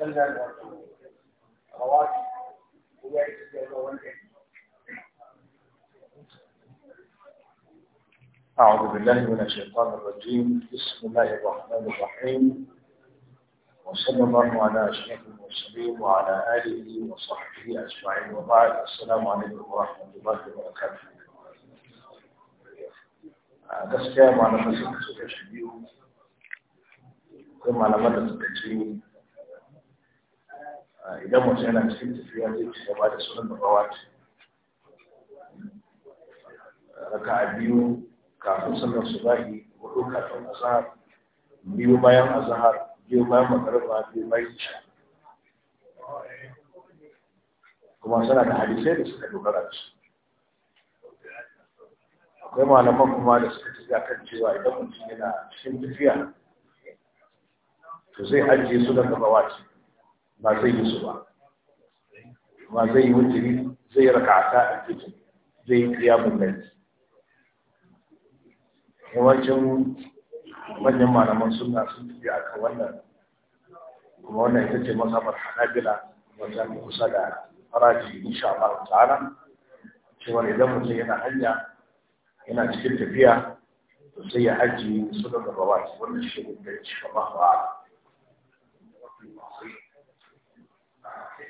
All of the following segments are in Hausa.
أعوذ بالله من الشيطان الرجيم بسم الله الرحمن الرحيم وصلى الله على أشرف المرسلين وعلى آله وصحبه أجمعين وبعد السلام عليكم ورحمة الله وبركاته gaskiya كام على suka shi biyu akwai malaman da suka ce idan mutum yana cikin tafiya zai ci gaba da sunan da rawat raka a biyu kafin su zahi hudu kafin azhar biyu bayan azhar biyu bayan magariba biyu bayan isha kuma suna da hadisai da suka dogara da su akwai malaman kuma da suka tafi kan cewa idan mutum yana cikin tafiya to zai ajiye su daga bawaci ba zai yi su ba ba zai yi wuturi zai yi rakata a cikin zai yi kiyamun laifin yawancin manyan malaman suna sun tafi a kan wannan kuma wannan ita ce masamar hanabila wajen kusa da faraji insha Allah ta'ala cewa idan mutum yana hanya yana cikin tafiya to sai ya haji su da bawa wannan shi ne da shi ba ba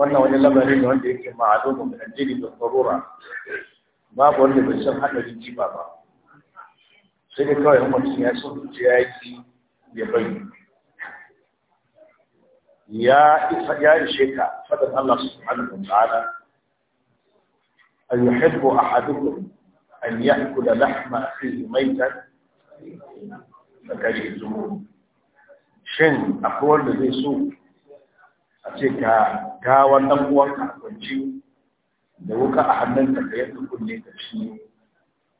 wannan wani lamarin ne wanda yake ma'alumin min addini da tsarura babu wanda bai san hadarin jiba ba sai dai kawai mutum ya san zuciya ya yi ya bari ya isa ya ishe ka fadin Allah subhanahu wa ta'ala an yuhibbu ahadukum an ya'kula lahma akhihi maitan fa karihtumuhu shin akwai wanda zai so a ce ka ga wannan uwanka a kwanci da wuka a hannunka ka yanka kunne ka ci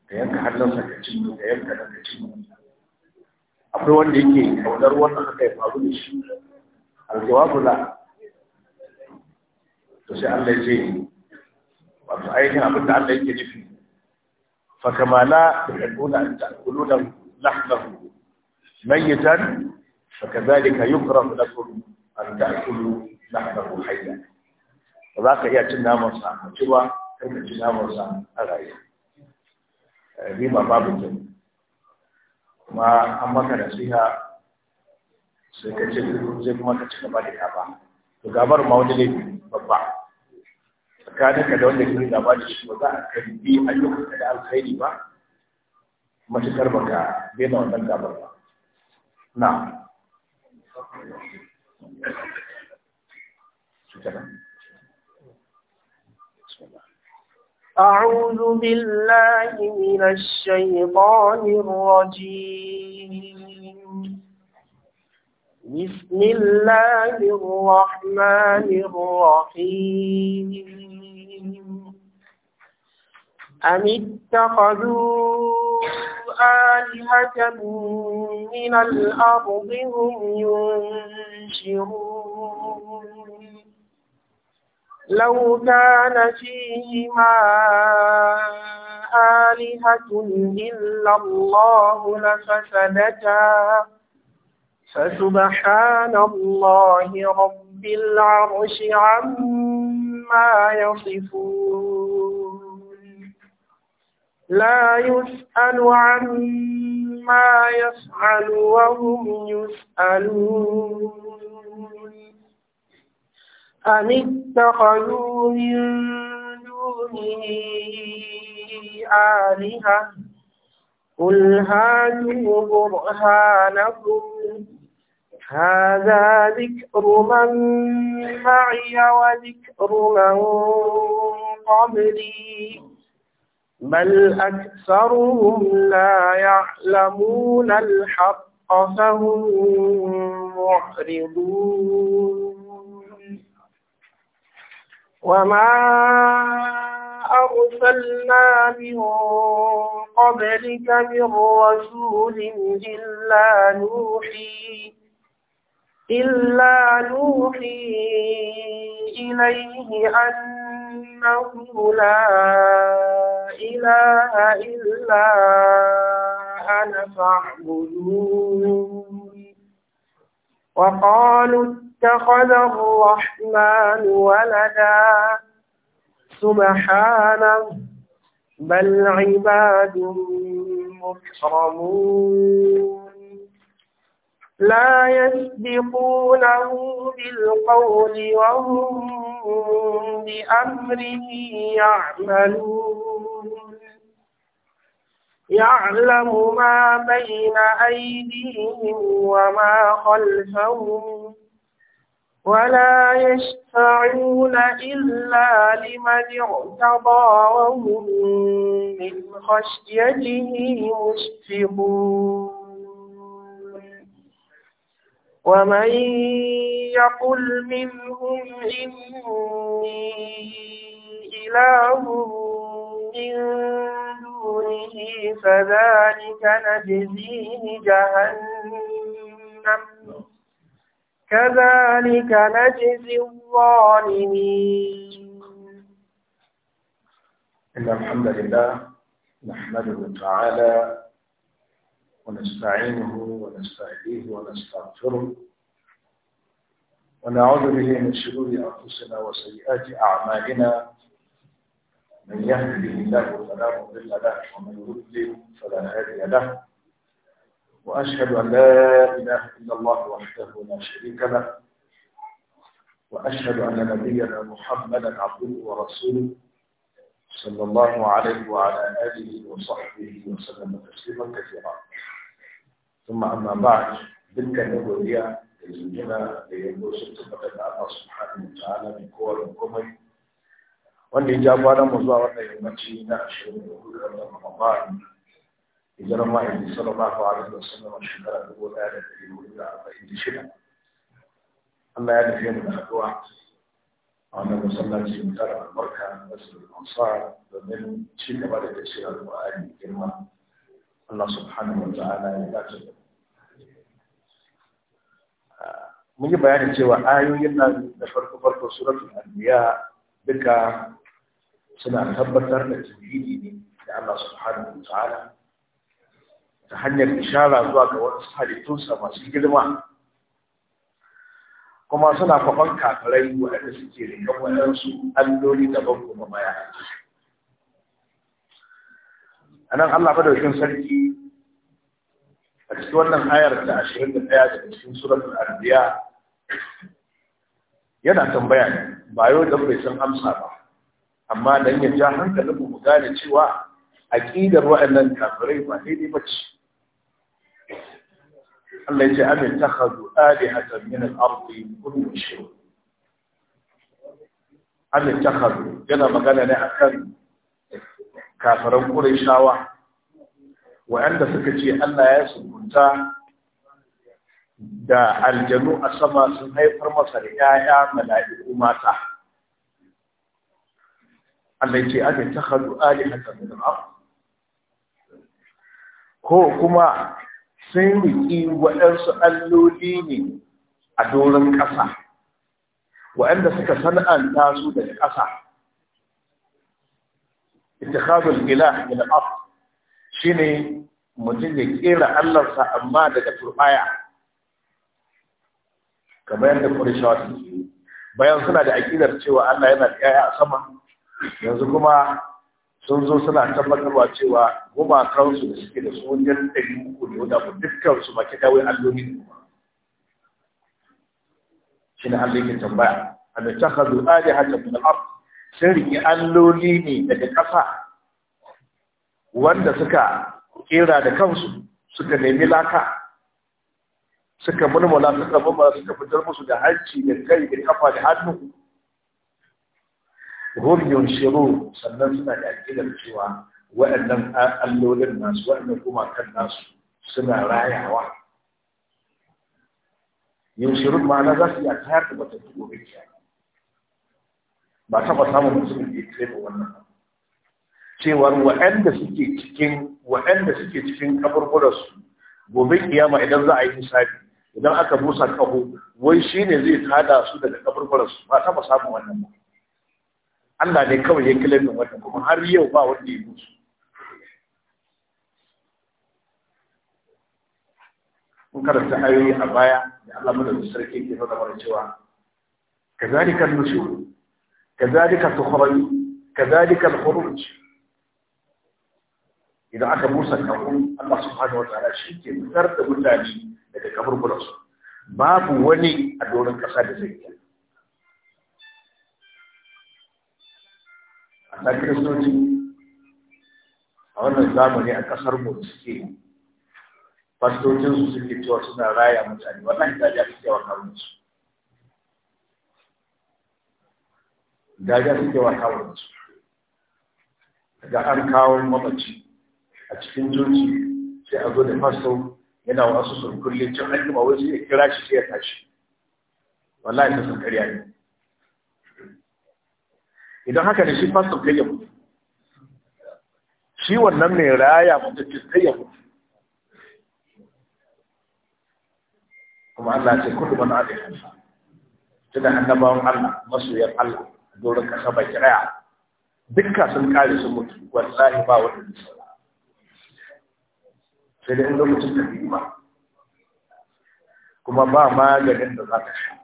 da yanka hannunsa ka ci da yanka da ka ci akwai wanda yake kaunar wannan aka yi faru da shi aljawabu la to sai Allah ya ce wato ainihin abin da Allah yake nufi fa kama la tuhibbuna an ta'kuluna lahmahu mayitan fa kadhalika yukrahu lakum an ta'kulu lahmahu hayya ba za ka iya cin naman sa a ci ba kar ka ci naman sa a rayu riba eh, babu kyau kuma an maka nasiha sai ka ce zai kuma ka ci gaba da gaba to gabar ma wani laifi babba tsakanin ka da wanda ke gaba da shi ba za a bi a lokacin da alkhairi ba matukar baka daina wannan gabar ba na أعوذ بالله من الشيطان الرجيم بسم الله الرحمن الرحيم أم اتخذوا آلهة من الأرض هم ينشرون لو كان فيهما آلهة إلا الله لفسدتا فسبحان الله رب العرش عما يصفون لا يسأل عما يفعل وهم يسألون أم اتخذوا من دونه آلهة قل هاتوا برهانكم هذا ذكر من معي وذكر من قبلي بل أكثرهم لا يعلمون الحق فهم معرضون وما أرسلنا من قبلك من رسول إلا نوحي إلا نوحي إليه أن أنه لا إله إلا أنا فاعبدون وقالوا اتخذ الرحمن ولدا سبحانه بل عباد مكرمون لا يسبقونه بالقول وهم بأمره يعملون يعلم ما بين أيديهم وما خلفهم ولا يشفعون إلا لمن ارتضى وهم من خشيته مشفقون ومن يقل منهم إني إله من دونه فذلك نجزيه جهنم كذلك نجزي الظالمين إن الحمد لله نحمده تعالى ونستعينه ونستهديه ونستغفره ونعوذ به من شرور أنفسنا وسيئات أعمالنا من يهده الله فلا مضل له ومن يضلل فلا هادي له وأشهد أن لا إله إلا الله وحده لا شريك له وأشهد أن نبينا محمدا عبده ورسوله صلى الله عليه وعلى آله وصحبه وسلم تسليما كثيرا ثم أما بعد تلك النبوية الزنجنة ليبدو ست بقل الله سبحانه وتعالى من قوة الكمي واني جاب على مزوى أن يمتين أشهر نقول أن رمضان إذا رمى صلى الله عليه وسلم وشكرا نقول آلة في مولي الله أما هذا في من أخذ أنا مصلى جيم ترى مركا مسجد الأنصار ومن شيء بعد تشير القرآن الكريم الله سبحانه وتعالى يدعو مجي بيان يعني جوا آيو ينا نفرق فرق سورة الأنبياء بكا سنة تبتر لتوحيدي لله سبحانه وتعالى تحنيك إن شاء الله أزواج ما سيجد kuma suna kwakwan kafirai waɗanda suke da rikan waɗansu alloli daban kuma baya a nan Allah madaukin sarki a cikin wannan ayar da ashirin da ɗaya daga cikin suratul arziya yana tambaya ne ba yau dan bai san amsa ba amma dan ya ja hankalin mu gane cewa aqidar waɗannan kafirai ba daidai ba ce Allah ya ce ta hadu ta hadu yana magana ne akan kafaran shawa. wa'anda suka ce Allah ya sukunta da aljanu a sama sun haifar masa da ‘ya'ya mala'iku mata. Allah ce, Ake ta hadu ali haka da ko kuma sun riƙi waɗansu alloli ne a doron ƙasa waɗanda suka sana'anta su daga ƙasa itikadul gila min af ne mutum ya ƙera allarsa amma daga turbaya kamar yadda Qurayshawa suke bayan suna da aƙidar cewa Allah yana da yaya a sama yanzu kuma sun zo suna tabbatarwa cewa gumakansu da suke da su ɗari uku ne wanda ku dukkan su maki dawai alloli ne shi ne Allah yake tambaya a da takhadu alihata min al-ard sun riƙe alloli ne daga ƙasa wanda suka kera da kansu suka nemi laka suka mulmula suka bamba suka fitar musu da hanci da kai da kafa da hannu هم ينشرون sannan suna da aƙidar وأن waɗannan allolin nasu waɗannan gumakan nasu suna rayawa yunshirun ma'ana za su yi a tayar da ما gobe kiyama ba taɓa samun da wannan cewar waɗanda suke cikin waɗanda suke cikin kaburburarsu gobe kiyama idan za a yi hisabi idan aka busa kaho wai shine zai tada su daga kaburburarsu ba taɓa samun wannan ba Allah ne kawai ya kilamin wannan kuma har yau ba wanda ya musu mun karanta ayoyi a baya da Allah madaukakin sarki ke nuna mana cewa kazalika an-nushur kazalika tukhraj kazalika al-khuruj idan aka musa kafin Allah subhanahu wa ta'ala shi ke fitar da mutane daga kaburburansu babu wani a doron ƙasa da zai yi na kristoci a wannan zamani a kasar mu da suke Fastocinsu suke cewa suna raya mutane wannan dajiya suke wa kawunci su suke wa kawunci daga an kawo mamaci a cikin joji sai a zo da fasto yana wasu surkulle cin an ma wasu sai ya kira shi sai ya tashi wallahi ta sun karya ne idan haka ne shi fasto kai ya mutu shi wannan mai raya mutu kai ya mutu kuma Allah ce kudu wani abin da annabawan Allah masoyan Allah doron kasa baki raya dukka sun kare su mutu wallahi ba wani ne sai da inda mutum ta ma kuma ba maganin da za ta sha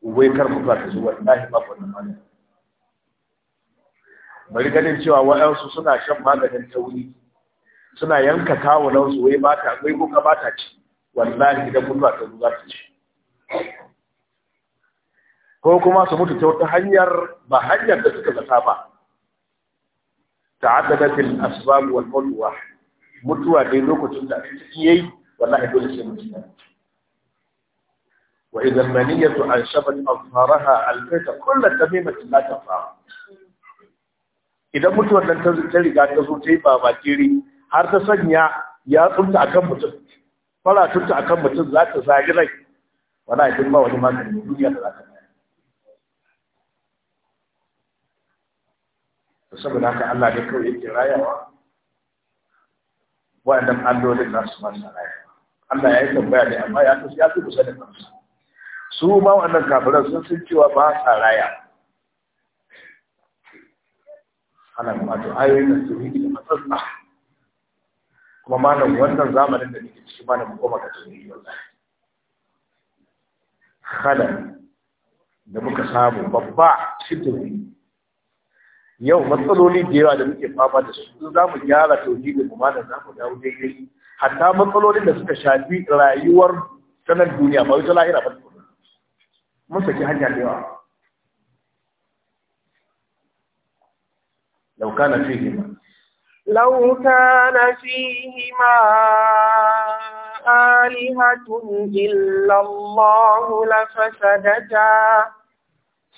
wai kar mu ba ta zuwa wallahi ba wannan maganin bari ganin cewa wayansu suna shan maganin tauri suna yanka kawunansu wai ba ta wai kuka ba ta ci wallahi idan mutuwa ta zuwa ta ci ko kuma su mutu ta wata hanyar ba hanyar da suka zata ba ta'addadat fil asbab wal mulwa mutuwa dai lokacin da ciki yayi wallahi dole sai mutuwa وإذا المنية أنشبت al ألقيت kullu tamimatin la tafa'a idan mutuwar nan ta riga ta zo ta yi bakiri, har ta sanya ya tsunta a kan mutum fara tunta a kan mutum za ta zagi rai wani idan ba wani magani duniya da za ta da saboda haka Allah ne kawai yake rayawa wa'annan allolin nasu masu rayawa Allah ya yi tambaya ne amma ya fi ya fi kusa da kansu su ma wa'annan kafiran sun sun cewa ba sa rayawa ana wato ayoyin da su yi da matsatsa kuma malam wannan zamanin da nake ciki malam goma ka tsuri wallahi kada da muka samu babba shi yau matsaloli da yawa da muke fama da su za mu gyara tauhidin mu malam za mu dawo daidai hatta matsalolin da suka shafi rayuwar sanar duniya ba wata lahira ba mun saki hanya da yawa لو كان فيهما لو كان فيهما آلهة إلا الله لفسدتا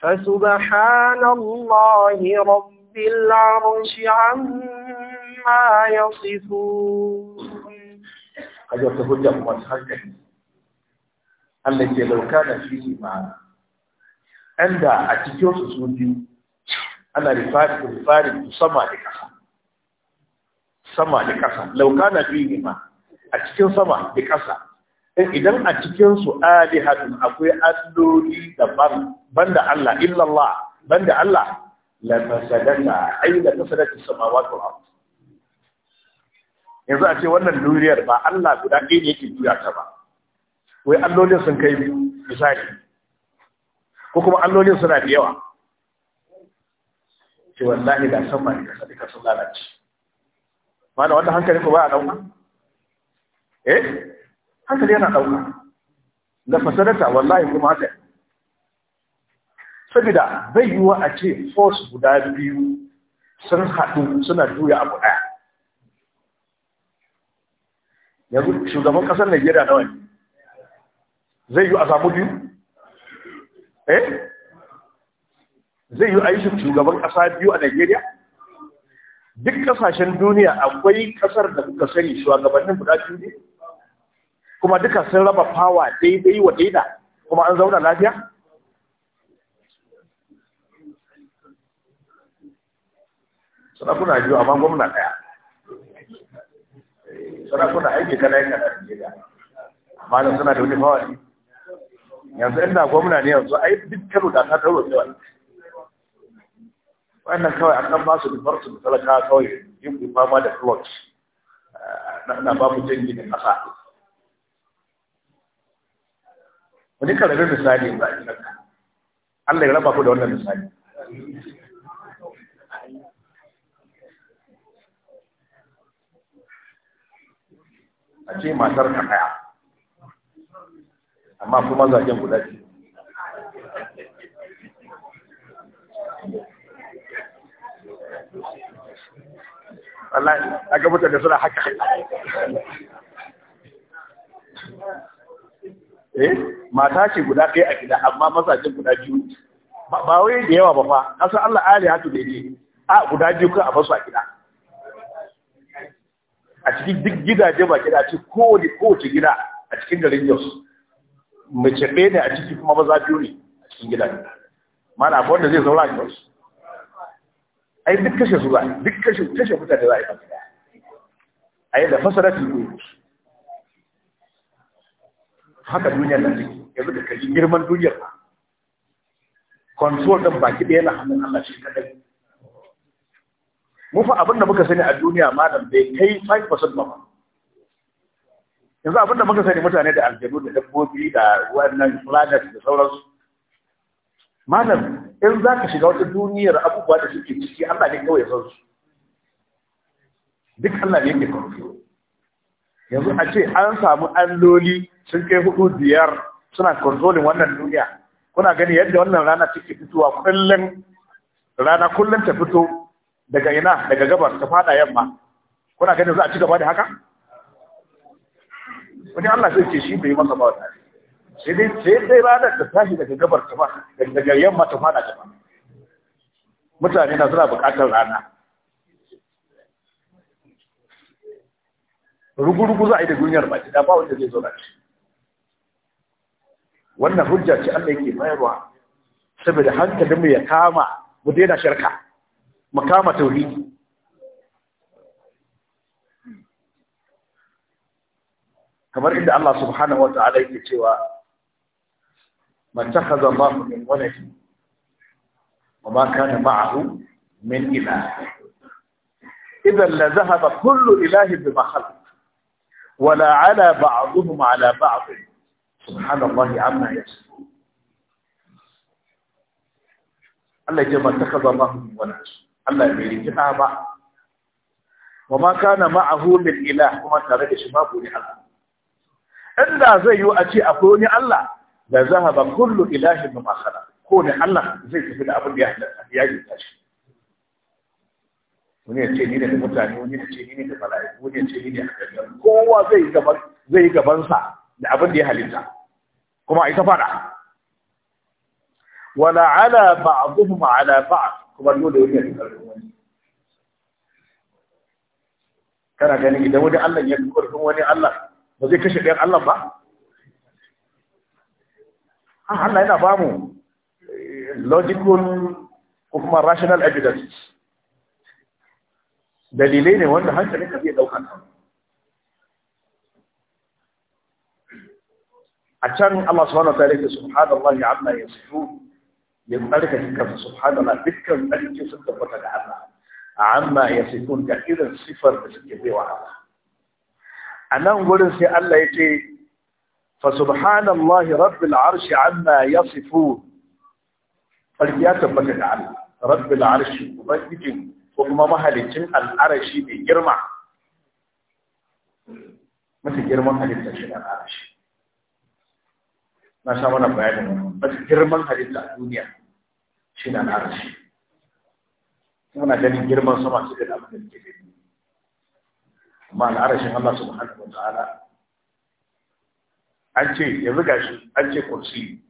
فسبحان الله رب العرش عما يصفون أجل تهجة ومسحك التي لو كان فيهما عند أتكيوس سوديو ana rifari rifari sama da ƙasa sama da ƙasa laukana fi ma a cikin sama da ƙasa eh, idan a cikin su alihatun akwai alloli daban banda Allah illallah banda Allah la fasadata ay la fasadata samawati wal ard yanzu a ce wannan duniyar ba Allah guda ɗaya ne yake duniya ta ba wai allolin sun kai misali ko kuma allolin suna da yawa ce wallahi da sama ne kasa duka sun lalace mana wanda hankali ko ba a dauka eh hankali yana dauka da fasadata wallahi kuma haka saboda bai yiwa a ce force guda biyu sun haɗu suna juya abu ɗaya yanzu shugaban ƙasar najeriya nawa ne zai yi a samu biyu eh zai yi aishin shugaban ƙasa biyu a Najeriya? Duk ƙasashen duniya akwai ƙasar da kuka sani shugabannin guda biyu ne? Kuma duka sun raba fawa daidai wa daida kuma an zauna lafiya? Sarakuna biyu amma gwamna ɗaya. Sarakuna aiki kana yin kana Najeriya. Malam suna da wani fawa ne. Yanzu inda gwamna ne yanzu ai duk karo da ta tauro ne wannan kawai a kan basu da dufar da talaka kawai yin ku fama da flux eh, na ba mu jirgi da ƙasa wani karamin misali ba a ka Allah ya raba ku da wannan misali a ce matar ka kaya. amma kuma zagen guda biyu wallahi a ga mutane suna haka eh mata ce guda ɗaya a gida amma mazajen guda biyu ba wai da yawa ba fa kasan Allah ali hatu da ne a guda biyu kan a basu a gida a cikin duk gidaje ba gida ce kowace kowace gida a cikin garin Jos mace ɗaya ne a ciki kuma maza biyu ne a cikin gidaje mana akwai wanda zai zaura a Jos ai duk kashe su ba duk kashe kashe mutane za a yi masu da. a yadda fasara su yi haka duniyar nan take yanzu da kaji girman duniyar ba control din baki ɗaya na hannun Allah shi kadai mu fa abin da muka sani a duniya malam bai kai 5% ba yanzu abin da muka sani mutane da aljanu da dabbobi da wannan planet da sauransu malam in za ka shiga wata duniyar abubuwa da suke ciki Allah ne kawai san su duk Allah ne ke san su yanzu a ce an samu alloli sun kai hudu biyar suna kontrolin wannan duniya kuna gani yadda wannan rana take fitowa kullum rana kullum ta fito daga ina daga gabar ta fada yamma kuna gani za a ci gaba da haka wani Allah sai ce shi bai masa ba wata sai dai sai ranar da tashi daga gabar ta ba daga yamma ta fada ta mutane na suna bukatar rana rugu-rugu za a yi da duniyar baki da ba wanda zai zo ci wannan hujja ce Allah yake bayarwa saboda mu ya kama mu daina shirka mu kama tauhidi kamar inda Allah subhanahu wa ta'ala yake cewa ما اتخذ الله من ولد وما كان معه من إله إذا لذهب كل إله بما خلق ولا على بعضهم على بعض سبحان الله عما يصفون الله ما اتخذ الله من ولد الله بيرجعها بعض وما كان معه من إله وما كان شباب لحظة إلا زي يؤتي أقول الله da zahaba kullu ilahin da masana ko ne Allah zai tafi da abin da ya halatta ya yi tashi wani ya ce ni ne da mutane wani ya ce ni ne da mala'iku wani ya ce ni ne da halittar kowa zai yi gaban zai yi gabansa da abin da ya halitta kuma a ita fada wala ala ba'dhum ala ba'd kuma dole wani ya tsare wani kana ganin idan wani Allah ya tsare wani Allah ba zai kashe ɗayan Allah ba Allah yana ba mu eh, logical ko kuma rational evidence dalilai ne wanda hankalin ka zai ɗauka a can Allah subhanahu wa ta'ala yake subhanallahi amma yasifun ya tsarka kansa subhanallah dukkan tsarki sun tabbata ga Allah amma yasifun ga irin sifar da suke wa Allah a nan gurin sai Allah ya ce فسبحان الله رب العرش عما يصفون فالياتا بكت عن رب العرش مبجدين وممها لجن العرش بجرمع مثل جرمع حديثة شنع العرش ما شامونا بعيدنا مثل جرمع حديثة دنيا شنع العرش هنا جاني جرمع سمع سيدنا من الجديد ما العرش الله سبحانه وتعالى an ce ya yanzu shi an ce kursi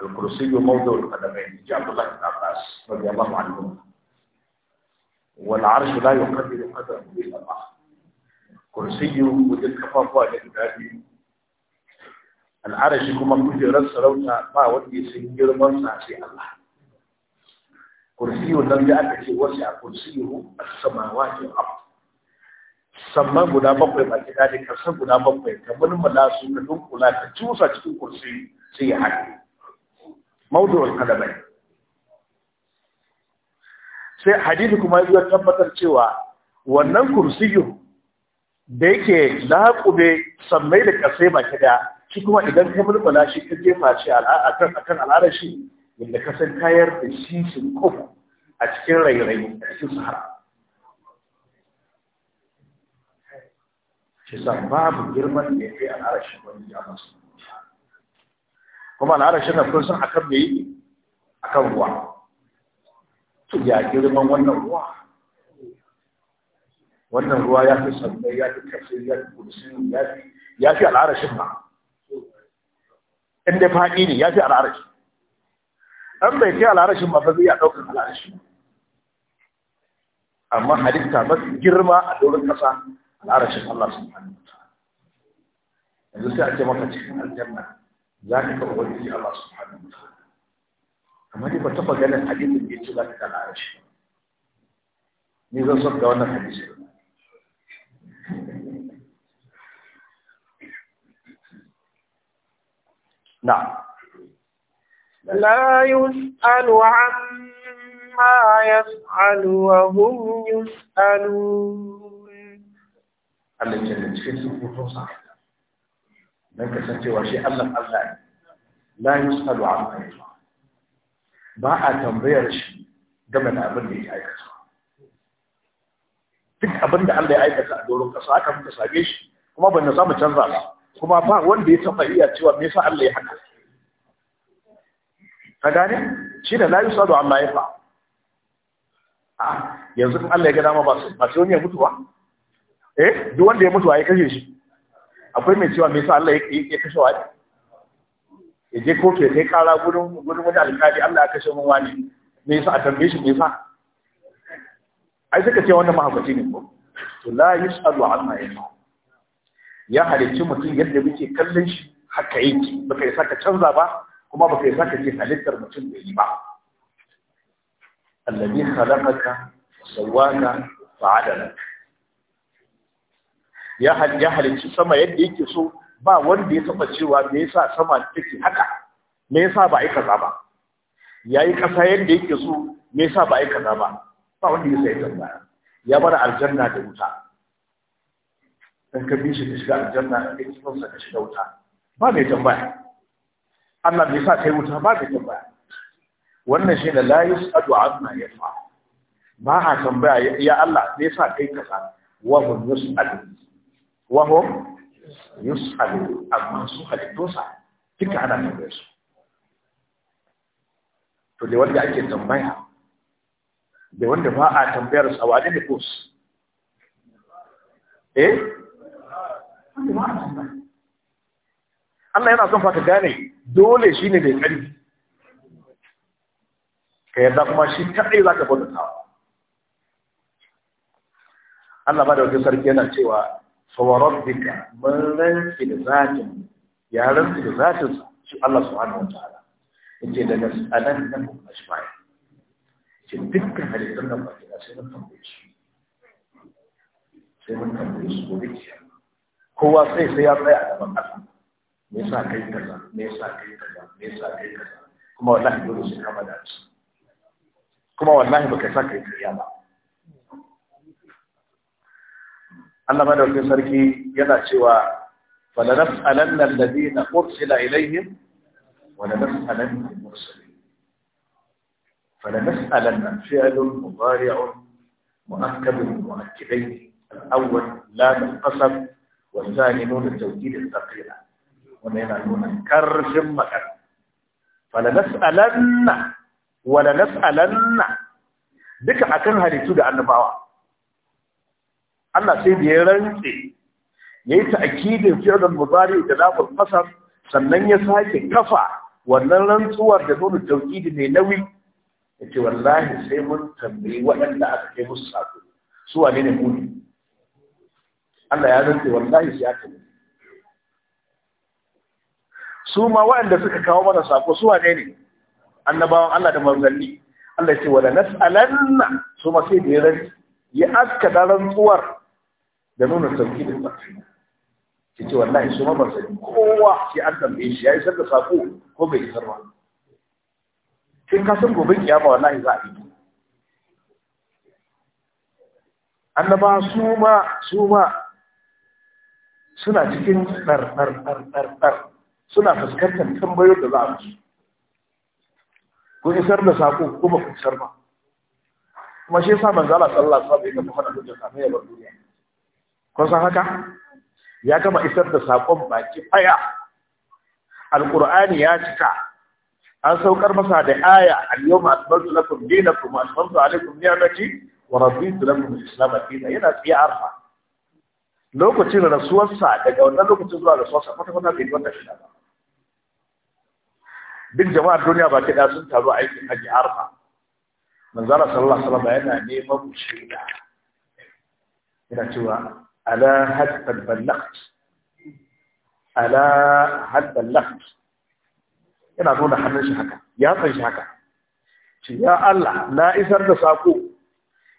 al-kursi yo mawdu al-qadamain jabullah ibn abbas radiyallahu anhu wal arsh la yuqaddiru qadamu illa allah kursi yo wajen kafafuwa da guda arsh kuma kujerar sarauta ba wanda ya san girman sa sai Allah kursiyu nan da aka ce wasu a yo as-samawati wal ardh samman guda bakwai baki daɗi ƙarshen guda bakwai ka mulmula su ka dunkula ka cusa cikin kursi sai ya haɗe maudu kalamai sai hadisi kuma ya tabbatar cewa wannan kursiyu da yake laƙube sammai da ƙasai baki da shi kuma idan ka mulmula shi ka jefa shi akan al'adar shi yadda ka san kayar da shi sun a cikin rairayi a cikin sahara shi sa babu girman da ya fi al'arashin wani ya masu kuma al'arashin na kun san akan mai yi akan ruwa su ya girman wannan ruwa wannan ruwa ya fi sannan ya fi kafin ya fi kudusin ya fi ya fi al'arashin ba inda faɗi ne ya fi al'arashin. an bai fi al'arashin ba zai ya ɗaukar al'arashin amma halitta mafi girma a doron ƙasa العرش الله سبحانه وتعالى إذا سأت الجنة ذلك هو الذي الله سبحانه وتعالى أما دي بتقى قال الحديث اللي يتلقى لك العرش إذا صدق وانا الحديث. نعم لا يسأل عما يفعل وهم يسألون Allah ke da cikin sukutunsa don kasancewa shi Allah Allah ne la yusalu amma yi ba a tambayar shi game da abin da ya aikata duk abin da Allah ya aikata a doron kasa haka muka same shi kuma ban samu canza ba kuma ba wanda ya taba iya cewa me yasa Allah ya haka ka gane shi da la yusalu amma yasna a yanzu in Allah ya gada ma ba sai wani ya mutu ba eh duk wanda ya mutu yi kashe shi akwai mai cewa me yasa Allah ya kashe wani ya je kotu ya kai kara gudun gudun wani alƙali Allah ya kashe mun wani me yasa a tambaye shi me yasa ai suka ce wannan mahaukaci ne ko to la yusalu amma yasa ya halicci mutum yadda muke kallon shi haka yake baka yi saka canza ba kuma baka yi saka ce halittar mutum da yi ba Allah alladhi khalaqaka sawaka fa'adalaka ya halicci sama yadda yake so ba wanda ya taba cewa me yasa sama take haka me yasa ba ai kaza ba yayi kasa yadda yake so me yasa ba ai kaza ba ba wanda ya sai tambaya ya bar aljanna da wuta dan ka bi shi da shiga aljanna da kifin sa ka shiga wuta ba mai tambaya Allah bai sa kai wuta ba mai tambaya wannan shi ne la yusadu amma yafa ba a tambaya ya Allah me yasa kai kaza wa hum yusadu wahum yus'alu amma su halittunsa duka ana tambayar su to da wanda ake tambaya da wanda ba a tambayar su a wani ne kos eh Allah yana son fata gane dole shi ne da kai, ka yarda kuma shi kaɗai za ka bauta Allah ba da wajen sarki yana cewa fawarabbika mun rantsi da zatin ya rantsi da zatin shi Allah subhanahu wa ta'ala yace daga anan nan kuma shi bai ce dukkan halittun nan ba ke da sai mun tambaye shi sai mun tambaye shi gobe kowa sai sai ya tsaya a gaban ƙasa me yasa kai kaza me yasa kai kaza me yasa kai kaza kuma wallahi dole sai ka da shi kuma wallahi baka sa kai kariya ba Allah madaukakin sarki yana cewa فلنسألن الذين أرسل إليهم ولنسألن المرسلين فلنسألن فعل مضارع مؤكد مؤكدين الأول لا القسم والثاني نون التوكيد الثقيلة ومن كرف مكان فلنسألن ولنسألن بك أكنها لتدع النبوة Allah sai da ya rantse ya yi ta'akidin fi'ilul mubari da lafal masar sannan ya sake kafa wannan rantsuwar da nuna tauhidi mai nauyi yace wallahi sai mun tambayi waɗanda aka kai musu sako su wane ne mu Allah ya rantse wallahi sai aka yi su ma waɗanda suka kawo mana sako su wane ne annabawan Allah da manzanni Allah ya ce wala nas'alanna su ma sai da ya rantse ya aska da rantsuwar da nuna sauki da tsarki ki ce wallahi su ma ba sani kowa sai an tambaye shi ya isar da sako ko bai isar ba kin ka san gobe kiyama wallahi za a yi annaba su ma su ma suna cikin ɗarɗarɗarɗar suna fuskantar tambayoyin da za a musu ko isar da sako ko ba ku isar ba kuma shi yasa manzala sallallahu alaihi wasallam ya kafa mana hujja duniya kun haka ya gama isar da sakon baki faya alqur'ani ya cika an saukar masa da aya al-yawma akmaltu lakum dinakum wa atmamtu alaykum ni'mati wa raditu lakum al-islam dinan yana tsiya arfa lokacin rasuwarsa daga wannan lokacin zuwa rasuwarsa kwata kwata bai wata shi ba duk jama'ar duniya baki da sun taru aikin haji arfa manzara sallallahu alaihi wasallam yana neman shaida yana cewa ala had ballagt ala had ballagt yana nuna hannun shi haka ya san shi haka shi ya Allah na isar da sako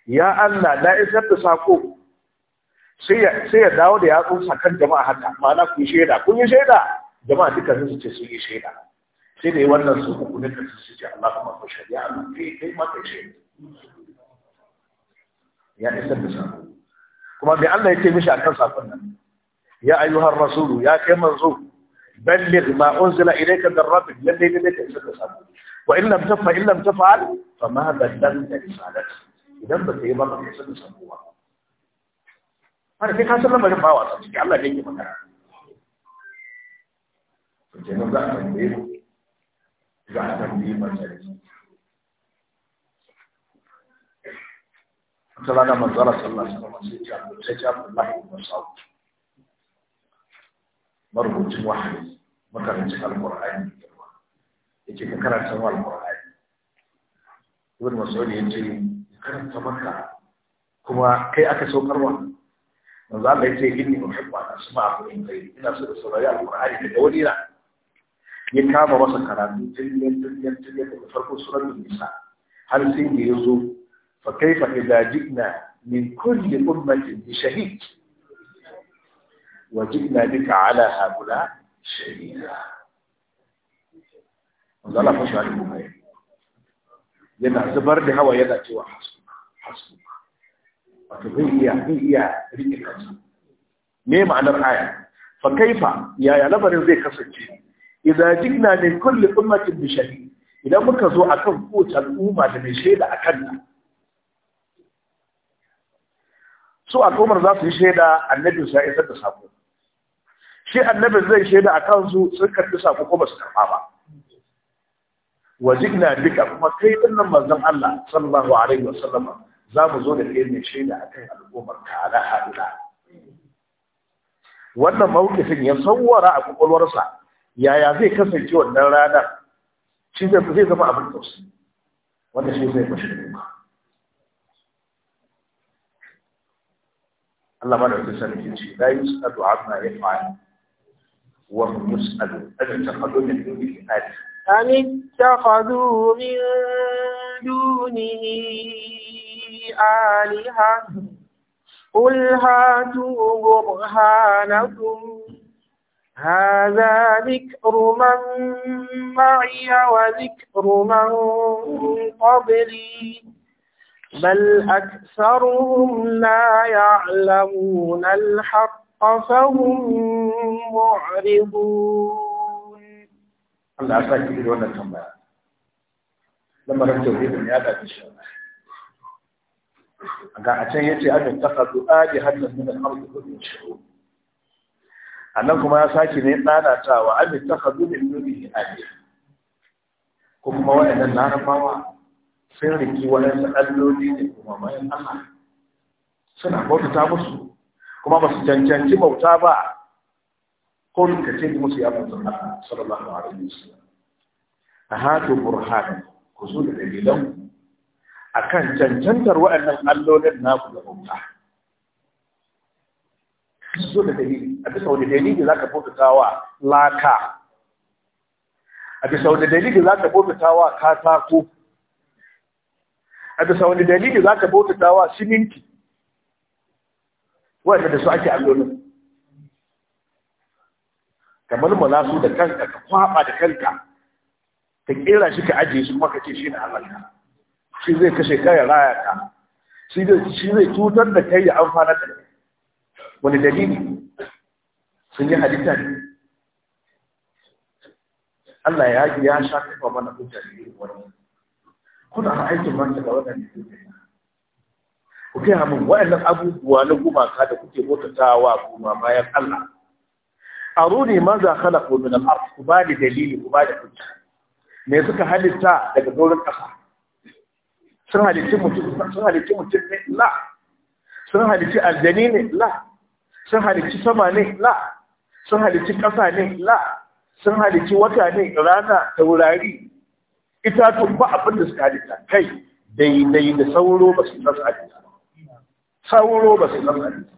ya Allah na isar da sako sai ya sai ya dawo da yatsun sakan jama'a haka ma'ana ku shaida kun yi shaida jama'a duka sun ce sun yi sheda sai da yi wannan su uku ne da su ce Allah kuma ku shaida Allah kai kai ma kai shaida ya isar da sako kuma bai Allah yake mishi akan sakon nan ya ayyuhar rasulu ya kai manzo balligh ma unzila ilayka min rabbik lalle ne ka isa da sako wa in lam tafa in lam tafal fa ma badalta risalati idan ba kai ba ka isa da ba har kai ka san lamarin bawa ta ciki Allah ne ke magana kenan za a tambaye za a tambaye mace ta rana manzara sallallahu alaihi wasallam sai ta Abdullahi ibn Mas'ud marubucin wahayi makarancin alqur'ani yake ka karanta alqur'ani ibn Mas'ud yace karanta maka kuma kai aka saukarwa manzo Allah yace inni uhibbu an asma'a min ghayri ina so da saurari alqur'ani daga wani na ya kama masa karatu tun yan tun yan tun yan farko suratul nisa har sai da ya zo فكيف إذا جئنا من كل أمة بشهيد وجئنا بك على هؤلاء شهيدا وظل فشل المهم لما زبر لها ويدك وحسبك حسبك وتضيع هي رئيك ميم عن الآية فكيف يا يا نظر يزيك إذا جئنا من كل أمة بشهيد إذا مركزوا أكم قوة الأمة لمشهيد أكدنا su al'ummar za su yi shaida annabin sa isar da sako shi annabin zai shaida a kansu sun karɓi sako ko ba su karɓa ba wa na bika kuma kai ba zan Allah sallallahu alaihi wa sallama za mu zo da kai mai shaida a akan al'ummar ka ala hadila wannan mawkifin ya sauwara a kwakwalwarsa yaya zai kasance wannan ranar shi zai zama abin tausayi wanda shi zai fashe duka الله ولا تسأل في شيء لا يسأل عما يفعل وهم يسألون أن اتخذوا من دونه آلهة ان اتخذوا من دونه آلهة قل هاتوا برهانكم هذا ذكر من معي وذكر من قبلي بل أكثرهم لا يعلمون الحق فهم معرضون الله أفاك بلونا كما لما رجعوا في الدنيا هذا في الشرع أقع أتين أن اتخذوا آجي حتى من الأرض كل مشهور أنا تاوى أن اتخذوا من دونه آجي كم موائنا نعرف sai riki waɗansu alloli ne kuma mai Allah suna bauta musu kuma ba su cancanci bauta ba ko ka ce musu ya manzon Allah sallallahu alaihi wasallam hatu burhan ku zo da dalilan akan cancantar waɗannan allolin naku da bauta zo da dalili a bisa wani dalili za ka bauta wa laka a bisa wani dalili za ka bauta wa katako a bisa wani dalili za ka dawa a siminti wadda da su ake allolin kamar su da kanka ka kwaba da kanka ta kera shi ka ajiye su kuma ka ce shi na Allah shi zai kashe kayan raya ka shi zai cutar da kai ya amfana da wani dalili sun yi halitta ne Allah ya ya sha kafa mana hujja ne wani kuna a aikin manta da waɗanda ku gaya min waɗannan abubuwa na gumaka da kuke wa kuma bayan Allah aruni ma za khalaqu min al ku ba da dalili ku ba da hujja me suka halitta daga doron ƙasa sun halitta mutum sun halitta mutum ne la sun halitta aljani ne la sun halitta sama ne la sun halitta ƙasa ne la sun halitta wata ne rana taurari itatun ba abin da suka halitta kai daidai da sauro ba su nasu halitta sauro ba su nasu halitta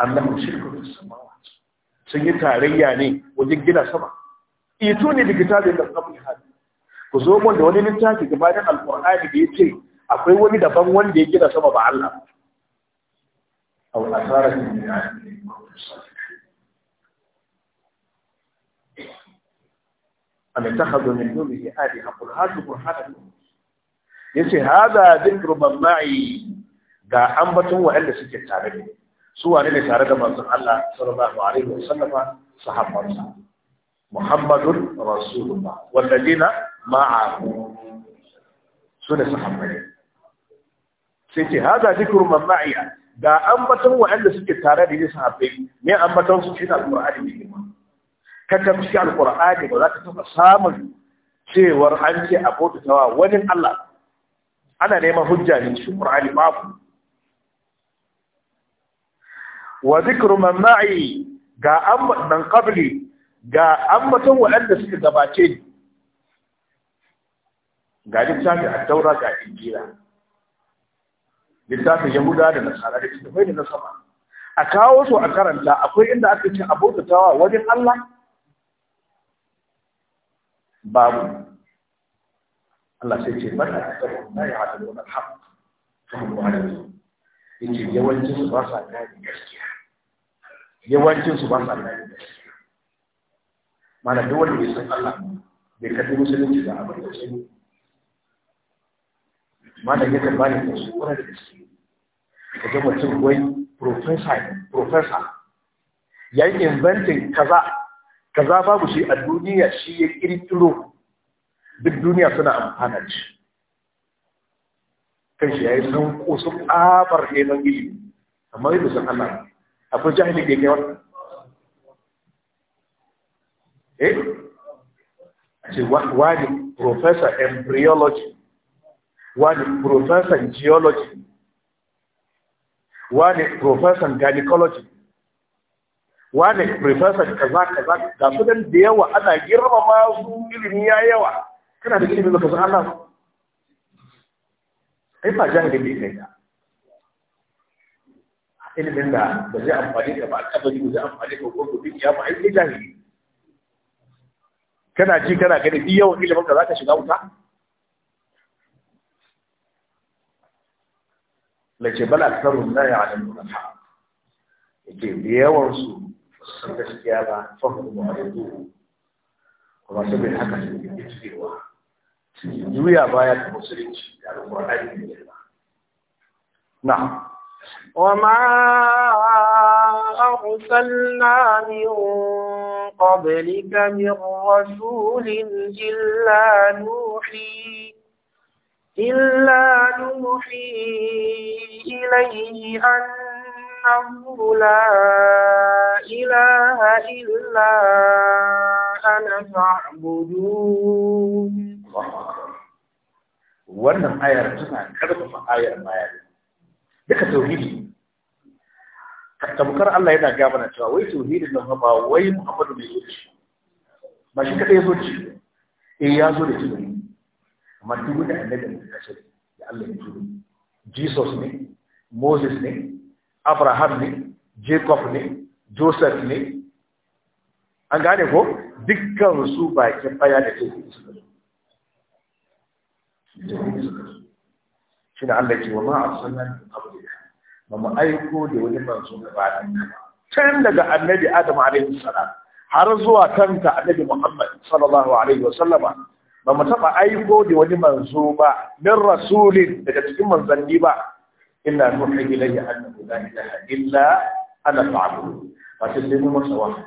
Allah mu shirku da samawa sun yi tarayya ne wajen gina sama ito ne da gita da kamun hali ku zo mun da wani littafi bayan alkur'ani da ya ce akwai wani daban wanda ya gina sama ba Allah wani asarar da ya yi am ittakhadhu min dunihi aliha qul hatu burhanakum yace hada dhikru man ma'i ga ambaton waɗanda suke tare da ni su wane ne tare da manzon Allah sallallahu alaihi wasallama sahabbansa Muhammadun Rasulullah walladina ma'ahu su ne sahabbai sai ce hada dhikru man ma'i ga ambaton waɗanda suke tare da ni sahabbai me ambaton su cikin alqur'ani ne ka tafsi alkur'ani ba za ka taba samun cewar an ce a bautawa wani Allah ana neman hujja ne shi qur'ani babu wa zikru man ma'i ga an man qabli ga mutum waɗanda suka gabace ni ga a taura ga injira littafin yahuda da nasara da littafai da sama. a kawo su a karanta akwai inda aka ce abokatawa wajen allah babu Allah sai ce bana aksarhum la ya'lamuna al-haqq fa hum mu'ridun yace yawancin su ba sa gane gaskiya yawancin su ba sa gane gaskiya mana duk wanda bai san Allah bai kaddi musulunci da abin da shi ba ya kan da yayi inventing kaza kaza babu shi a duniya shi ya kirkiro duk duniya suna amfana shi kan shi ya yi sun kusa ƙabar neman ilimi amma yadda sun Allah akwai jahilin da ya kai wannan eh ce wani professor embryology wani professor geology wani professor gynecology wane professor kaza kaza ga su dan da yawa ana girmama su ilimi ya yawa kana da ilimi baka san Allah ai ba jahili ne kai ka ilimin da ba zai amfani da ba a kabari ba zai amfani da gobe duk ya ba ai jahili kana ji kana gani duk yawan ilimin ka zaka shiga wuta lace bala sarun na ya alimuna ta yake da yawan su san gaskiya ba fahimta ba a yanzu kuma saboda haka su ne cewa ya baya ta musulunci da alƙur'ani ne ba na'am وما أرسلنا من قبلك من رسول إلا نوحي إلا نوحي إليه أنه لا إله إلا أنا فاعبدون wannan ayar tana karfafa ayar baya duka tauhidi tamkar Allah yana ga mana cewa wai tauhidi nan ba wai Muhammadu bai yi shi ba shi ya zo ci e ya zo da shi amma duk da annabi da kace da Allah ya zo Jesus ne Moses ne Abraham ne Jacob ne joseph ne an gane ko dukkan su bakin baya da teku shi na allah ke wa ma a sunan abubuwa ba mu aiko da wani manzo da ba can daga annabi adam alaihi salam har zuwa kanta annabi muhammad sallallahu alaihi wasallama ba mu taɓa aiko da wani manzo ba min rasulin daga cikin manzanni ba ina nuhi ilayya annahu la ilaha illa ana fa'budu ba sai mun masa wahayi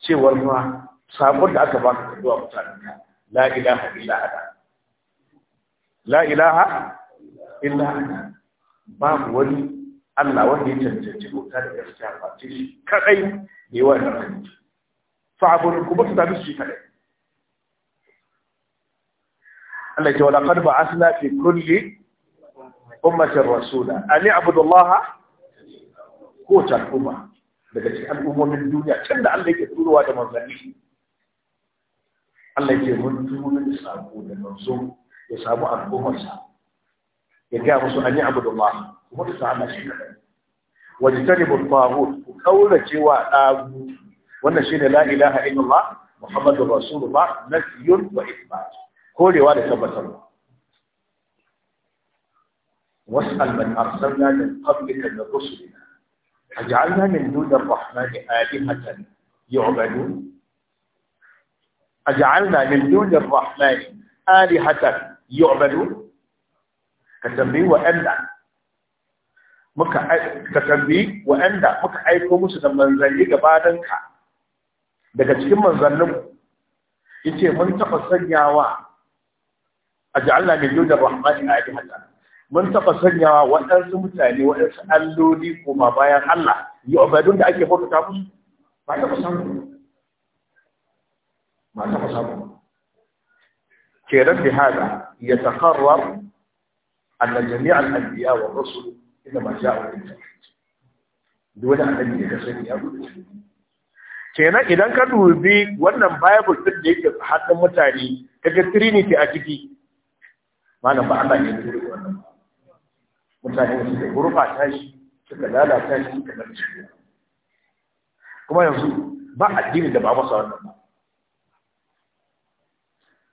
cewar ma sabon da aka baka ka zuwa mutanen ka la ilaha illa ana la ilaha illa ana babu wani Allah wanda ya cancanci bauta da gaskiya ba ce shi kadai ne yawa da kai fa'abun kuma su tabi shi kadai Allah ya ce wala qad ba'athna fi kulli ummatin rasula an ya'budu Allah ko ta kuma daga cikin al'ummomin duniya can da Allah yake turowa da manzanni Allah yake mun turo da sako da manzo ya samu al'ummarsa ya gaya musu an yi abu da kuma ta samu shi kadai wajen tare bu tawut ku kaura cewa dagu wannan shine la ilaha illallah muhammadur rasulullah nafiyun wa isbat korewa da tabbatarwa wasal man arsalna min qablika min rusulina أجعلنا من دون الرحمن آلهة يعبدون أجعلنا من دون الرحمن آلهة يعبدون كتنبي وأندع muka ka katambi wa'anda muka aiko musu da manzanni gabaninka daga cikin manzannin yace mun taba sanyawa a ja'alna min dun ar-rahmani alihatan mun taɓa sanyawa waɗansu mutane waɗansu alloli koma bayan Allah yi obadun da ake bauta musu ba taɓa samu ba taɓa samu da fi hada ya takarrar أن جميع الأنبياء والرسل wani جاءوا da دون ya يكسر أبو kenan idan ka dubi wannan bible din da yake hannun mutane kaga trinity a ciki malam ba Allah ya turo wannan mutane suka gurfata shi suka lalata shi suka bar shi kuma yanzu ba addini da ba masa wannan ba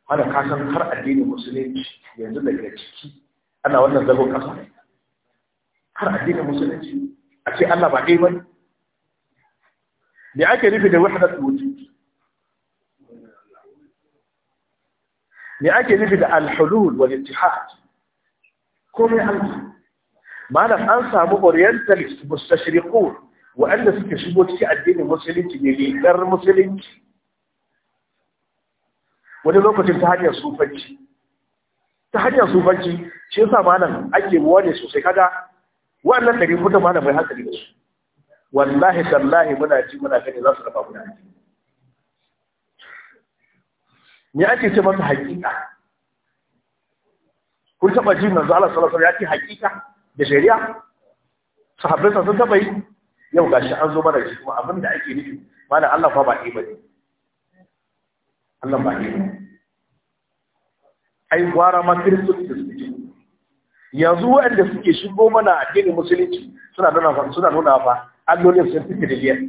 wanda ka san har addinin musulunci yanzu daga ciki ana wannan zagon ƙasa har addinin musulunci a ce Allah ba ɗaya ba ne da ake nufi da wahalar wujud me ake nufi da al-Hulun, alhulul wal ittihad komai Allah malam an samu orientalist wa waɗanda suka shigo cikin addinin musulunci ne rigar musulunci wani lokacin ta hanyar sufanci ta hanyar sufanci shi yasa malam ake wani sosai kaga wannan dari kuma malam mai hankali da su wallahi sallahi muna ji muna gani za su kafa mu da me ake ce masa hakika kun taɓa ji manzo Allah sallallahu alaihi wasallam ya ce hakika da shari'a sa sun taɓa yi yau gashi an zo mana shi kuma abin da ake nufi mana Allah fa ba ɗaya ba ne Allah ba ɗaya ba ai gwara ma kiristoci da suke yanzu waɗanda suke shigo mana addinin musulunci suna nuna suna nuna fa allolin sun fi da biyar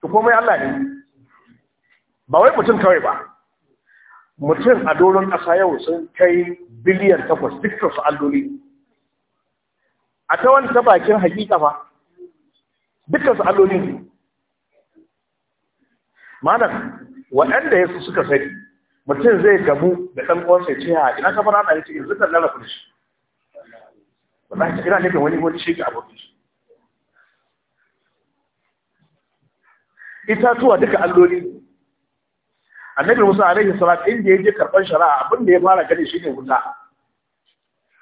to komai Allah ne ba wai mutum kawai ba mutum a doron ƙasa yau sun kai biliyan takwas da su alloli a ta wani ta bakin hakika fa da su alloli ne malam waɗanda ya suka sai mutum zai gamu da ɗan ƙwansa ya ce ya ina ka fara ɗari cikin zukan na rafi shi wallahi ina nufin wani wani shi ga abokin shi itatuwa duka alloli annabi musa alaihi salat inda ya je karban shari'a abin da ya fara gani shine wuta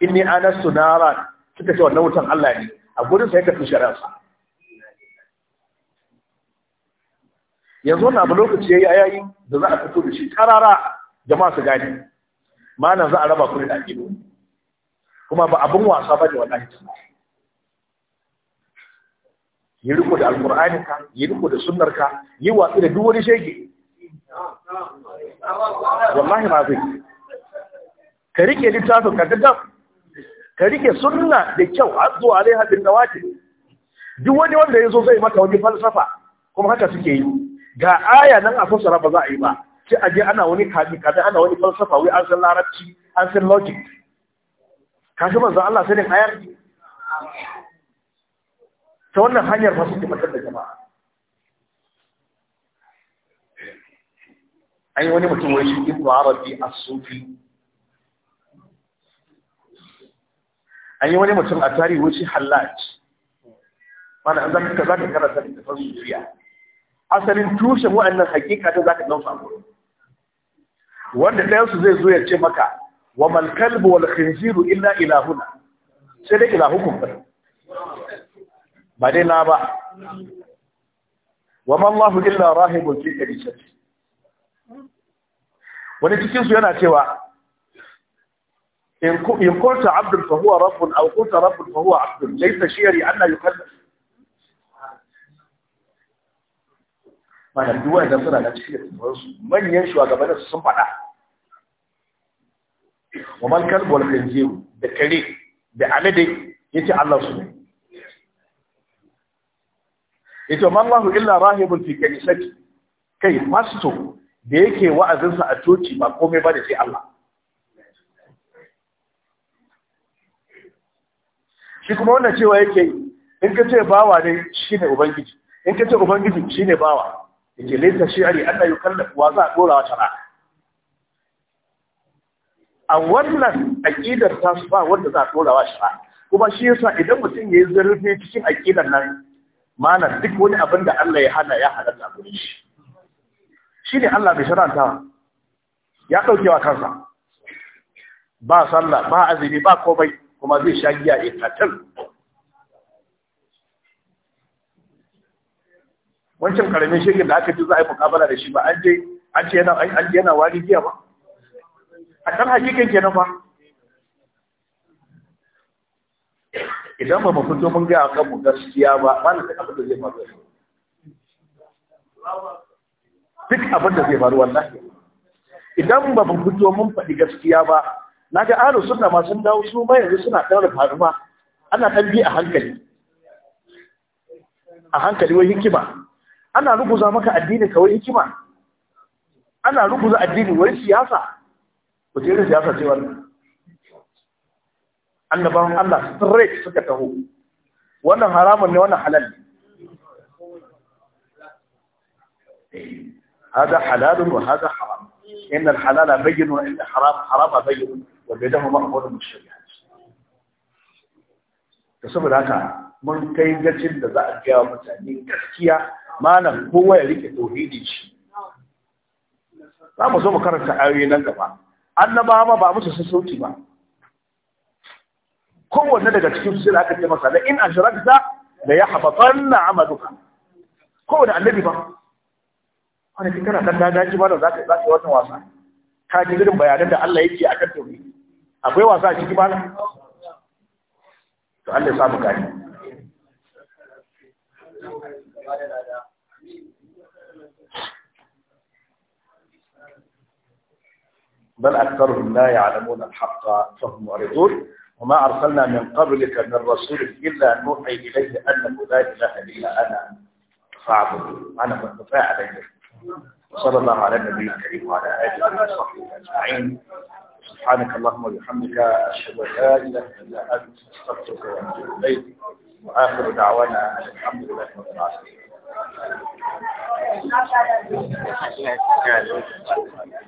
inni anastu naran suka ce wannan wutan Allah ne a gurin sa ya tafi sa yanzu wannan abu lokaci yayi ayayi da za a fito da shi karara jama'a su gane malam za a raba ku da aqido kuma ba abin wasa ba bane wallahi yi riko da ka, yi riko da ka yi watsi da duk wani shege wallahi ma zai ka rike littafin ka gaggaf ka rike sunna da kyau azu alaiha bin dawati duk wani wanda yazo zai mata wani falsafa kuma haka suke yi ga aya nan a fassara ba za a yi ba sai a je ana wani kaji kaji ana wani falsafa wai an san larabci an san logic kashi manzo Allah sai din ayar ta wannan hanyar fa suke da jama'a an yi wani mutum wani shi ibn arabi a sufi an yi wani mutum a tarihi wuce hallaj mana an zaka za ka karanta littafin sufiya asalin tushen wa'annan hakika ta za ka ɗan samu wanda ɗayan su zai zo ya ce maka wa mal kalbu wal khinziru illa ilahuna sai dai ilahukum ba dai na ba wa ma Allahu illa rahibun fi kabishati wani cikin su yana cewa in kunta abdul fa huwa rabbun aw kunta rabbun fa huwa abdul yi, shiyari yi yukallamu mana duwa idan suna da cikin su manyan shugabannin su sun faɗa wa man kalbu wal khinzir da kare da alade yace Allah su ne ito man Allah illa rahibun fi kanisati kai masto da yake wa'azinsa a coci ba komai ba da sai Allah shi kuma wannan cewa yake in ka ce bawa ne shi ne ubangiji in ka ce ubangiji shi ne bawa ke laisa shi'ari Allah ya kallafa wa za a ɗora wa shara a wannan aƙidar ta su ba wanda za a ɗora wa shara kuma shi yasa idan mutum ya yi zurfi cikin aƙidar nan malam duk wani abin da Allah ya hana ya halatta gurin shi shi ne Allah mai shiranta ya ɗauke wa kansa ba sallah ba azumi ba komai kuma zai sha giya a ikatil wancan karamin shirin da aka ji za a yi mukabala da shi ba an je ce yana wani giya ba a ɗan hakikin kenan ba idan ba mafi domin gaya kan mu gaskiya ba ba na kafa da zai faru duk abin da zai faru wallahi idan ba mu fito mun faɗi gaskiya ba naga ahlu sunna ma sun dawo su ma yanzu suna ɗaura faruwa. ana ɗan bi a hankali a hankali wai hikima ana ruguza maka addini kawai hikima ana ruguza addini wai siyasa ku je da siyasa ce wannan annabawan Allah straight suka taho wannan haramun ne wannan halal ne eh. هذا حلال وهذا حرام إن الحلال بين وإن الحرام حرام بين وبينهما أمور مشتبهات saboda haka mun kai gacin da za a gaya mutane gaskiya malam kowa ya rike tauhidi shi za mu zo mu karanta ayoyi nan gaba annaba ma ba musu sassauci ba kowanne daga cikin su aka ce masa la in ashrakta la yahbatanna amaluka kowanne annabi ba wani fi kana kan dadaji ba da za ka yi wannan wasa ka ji irin bayanan da Allah yake akan tauhidi akwai wasa a ciki ba to Allah ya samu gani بل أكثرهم لا يعلمون الحق فهم معرضون وما أرسلنا من قبلك من رسول إلا نوحي إليه أنه لا إله إلا أنا فاعبدوا أنا متفاعل إليه صلى الله على النبي الكريم وعلى آله وصحبه أجمعين سبحانك اللهم وبحمدك أشهد أن لا إله إلا أنت أستغفرك وأتوب إليك وآخر دعوانا الحمد لله رب العالمين